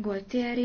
Gualtieri,